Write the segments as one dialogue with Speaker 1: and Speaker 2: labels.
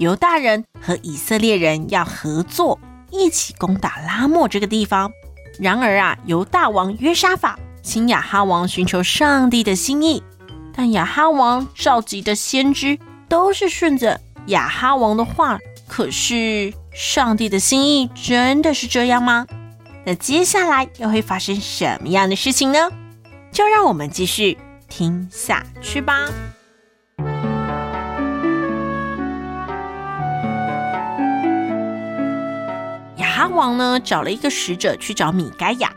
Speaker 1: 猶大人和以色列人要合作，一起攻打拉末這個地方。然而啊，猶大王約沙法請亞哈王尋求上帝的心意，但亞哈王召集的先知都是順着亞哈王的話。可是，上帝的心意真的是這樣嗎？那接下來又會發生什麼樣的事情呢？就讓我們繼續聽下去吧。哈王呢，找了一個使者去找米該亞。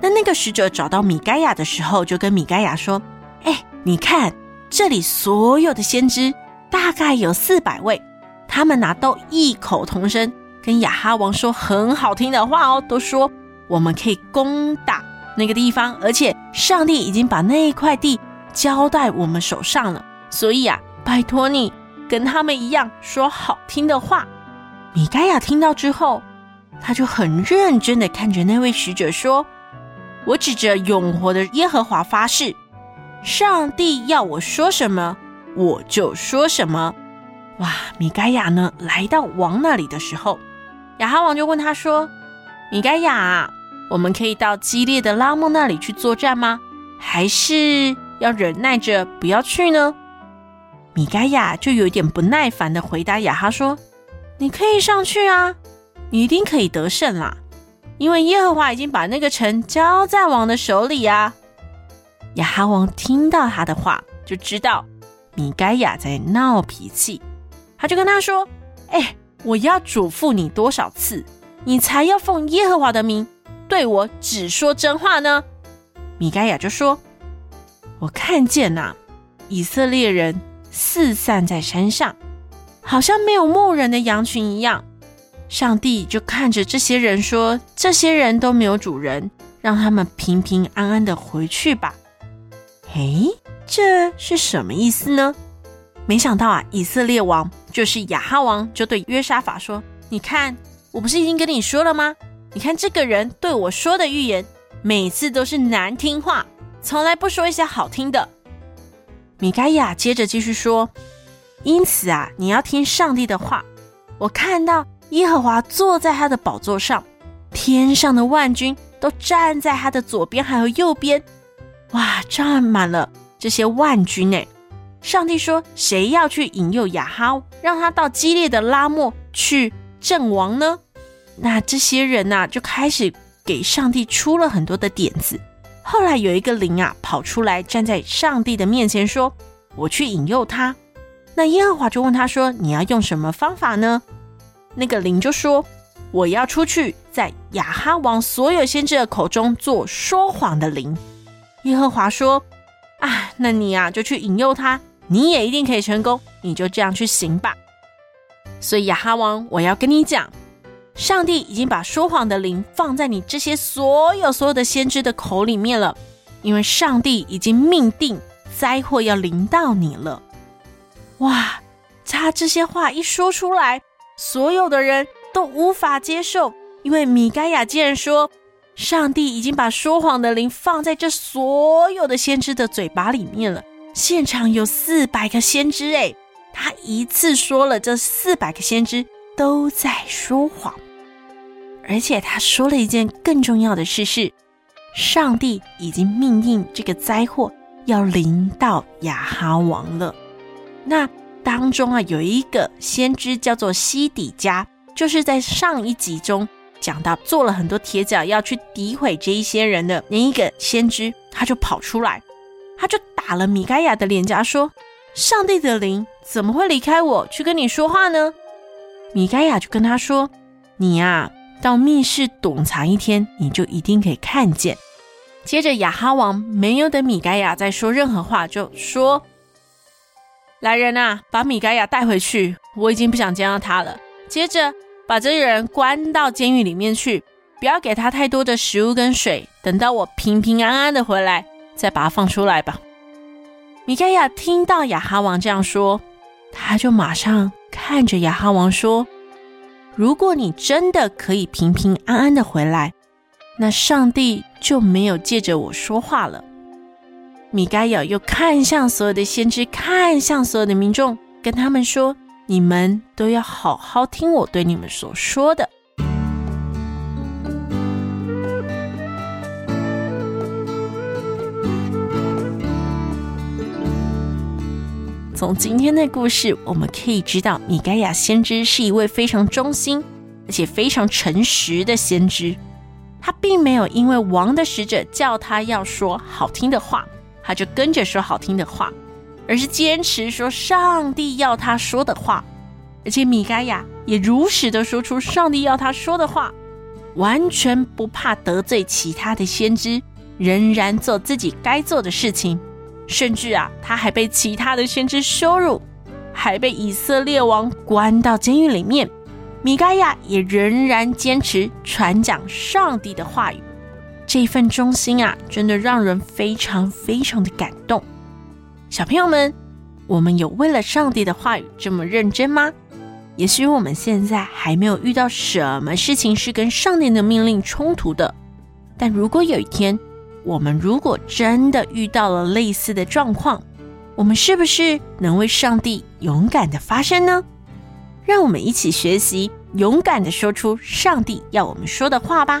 Speaker 1: 那那個使者找到米該亞的時候，就跟米該亞說：“哎、欸，你看這裡所有的先知，大概有四百位，他們哪都異口同聲跟亞哈王說很好聽的話哦，都說我們可以攻打那個地方，而且上帝已經把那塊地交在我們手上了。所以啊，拜託你跟他們一樣說好聽的話。”米該亞聽到之後。他就很認真的看着那位使者說：“我指着永活的耶和華發誓，上帝要我說什麼，我就說什麼。”哇，米該亞呢，來到王那裡的時候，亞哈王就問他說：“米該亞，我們可以到激烈的拉木那裡去作戰嗎？還是要忍耐着不要去呢？”米該亞就有點不耐煩的回答亞哈說：“你可以上去啊。”你一定可以得勝啦，因為耶和華已經把那個城交在王的手裡呀、啊。亞哈王聽到他的話，就知道米該亞在鬧脾氣，他就跟他說：“哎、欸，我要囑咐你多少次，你才要奉耶和華的名對我只說真話呢？”米該亞就說：“我看見吶、啊，以色列人四散在山上，好像沒有牧人的羊群一樣。”上帝就看着這些人說：“這些人都沒有主人，讓他們平平安安的回去吧。”誒，這是什麼意思呢？沒想到啊，以色列王就是亞哈王就對約沙法說：“你看，我不是已經跟你說了嗎？你看這個人對我說的預言，每次都是難聽話，從來不說一些好聽的。”米該亞接着繼續說：“因此啊，你要聽上帝的話。我看到。”耶和華坐在他的寶座上，天上的萬軍都站在他的左邊，還有右邊。哇，站滿了這些萬軍呢！上帝說：“誰要去引誘亞哈，讓他到基列的拉末去陣亡呢？”那這些人吶、啊，就開始給上帝出了很多的點子。後來有一個靈啊，跑出來站在上帝的面前說：“我去引誘他。”那耶和華就問他說：“你要用什麼方法呢？”那個靈就說：“我要出去，在亞哈王所有先知的口中做說謊的靈。”耶和華說：“啊，那你啊就去引誘他，你也一定可以成功。你就這樣去行吧。”所以亞哈王，我要跟你講，上帝已經把說謊的靈放在你這些所有所有的先知的口裡面了，因為上帝已經命定災禍要臨到你了。哇，他這些話一說出來。所有的人都無法接受，因為米該亞竟然說，上帝已經把說謊的靈放在這所有的先知的嘴巴裡面了。現場有四百個先知，哎，他一次說了這四百個先知都在說謊，而且他說了一件更重要的事是，上帝已經命令這個災禍要臨到亞哈王了。那。當中啊，有一個先知叫做西底家，就是在上一集中講到做了很多鐵角要去詆毀這一些人的那一個先知，他就跑出來，他就打了米該亞的臉頰，說：“上帝的靈怎麼會離開我去跟你說話呢？”米該亞就跟他說：“你呀，啊，到密室躲藏一天，你就一定可以看見。”接着亞哈王沒有等米該亞再說任何話，就說。來人吶、啊，把米該亞帶回去！我已經不想見到他了。接着，把這個人關到監獄裡面去，不要給他太多的食物跟水。等到我平平安安的回來，再把他放出來吧。米該亞聽到亞哈王這樣說，他就馬上看着亞哈王說：“如果你真的可以平平安安的回來，那上帝就沒有借着我說話了。”米該亞又看向所有的先知，看向所有的民眾，跟他們說：“你們都要好好聽我對你們所說的。”從今天的故事，我們可以知道，米該亞先知是一位非常忠心而且非常誠實的先知。他並沒有因為王的使者叫他要說好聽的話。他就跟着說好聽的話，而是堅持說上帝要他說的話，而且米該亞也如實的說出上帝要他說的話，完全不怕得罪其他的先知，仍然做自己該做的事情，甚至啊，他還被其他的先知羞辱，還被以色列王關到監獄裡面，米該亞也仍然堅持傳講上帝的話語。這份忠心啊，真的讓人非常非常的感動。小朋友們，我們有為了上帝的話語這麼認真嗎？也許我們現在還沒有遇到什麼事情是跟上帝的命令衝突的，但如果有一天，我們如果真的遇到了類似的狀況，我們是不是能為上帝勇敢的發聲呢？讓我們一起學習，勇敢的說出上帝要我們說的話吧。